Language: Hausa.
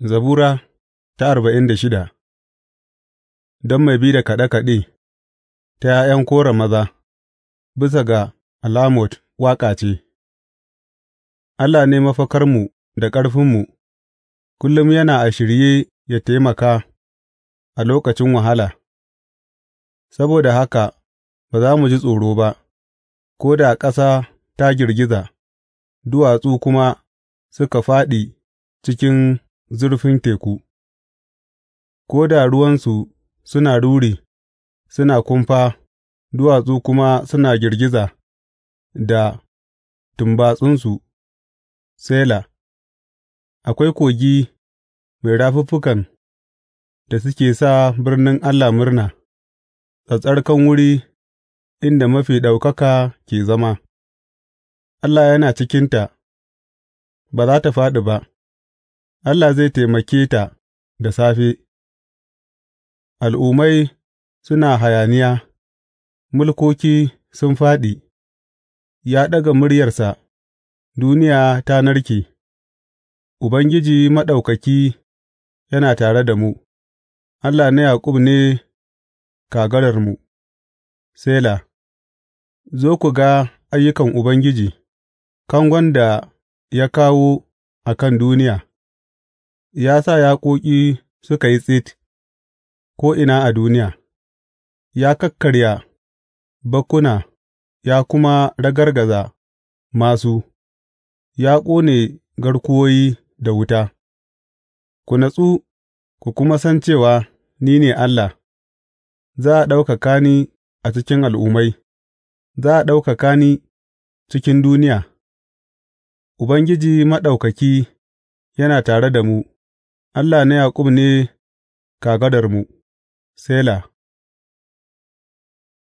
Zabura ta arba'in da shida Don mai bi da kaɗe-kaɗe ta ’ya'yan Kora maza, bisa ga alamot waƙa ce, Allah ne mafakarmu da ƙarfinmu, kullum yana a shirye ya taimaka a lokacin wahala, saboda haka ba za mu ji tsoro ba, ko da ƙasa ta girgiza, duwatsu kuma suka fāɗi cikin zurfin teku, ko da ruwansu suna ruri, suna kumfa, duwatsu kuma suna girgiza da tumbatsunsu. Sela, akwai kogi mai rafuffukan da suke sa birnin Allah murna, tsattsarkan wuri inda Mafi Ɗaukaka ke zama, Allah yana cikinta, ba za ta faɗi ba. Allah zai taimake ta da safe; al'ummai suna hayaniya, mulkoki sun fāɗi, ya ɗaga muryarsa, duniya ta narke, Ubangiji Maɗaukaki yana tare da mu, Allah na Yaƙub ne kagararmu, Sela Zo ku ga ayyukan Ubangiji, kangon da ya kawo a kan duniya. ya sa yaƙoƙi suka yi tsit ko'ina a duniya; ya kakkarya bakkuna ya kuma ragargaza masu. ya ƙone garkuwoyi da wuta Ku natsu ku kuma san cewa ni ne Allah; za a ɗaukaka ni a cikin al'ummai, za a ɗaukaka ni cikin duniya; Ubangiji Maɗaukaki yana tare da mu. Allah na Yaƙub ne kagararmu, Sela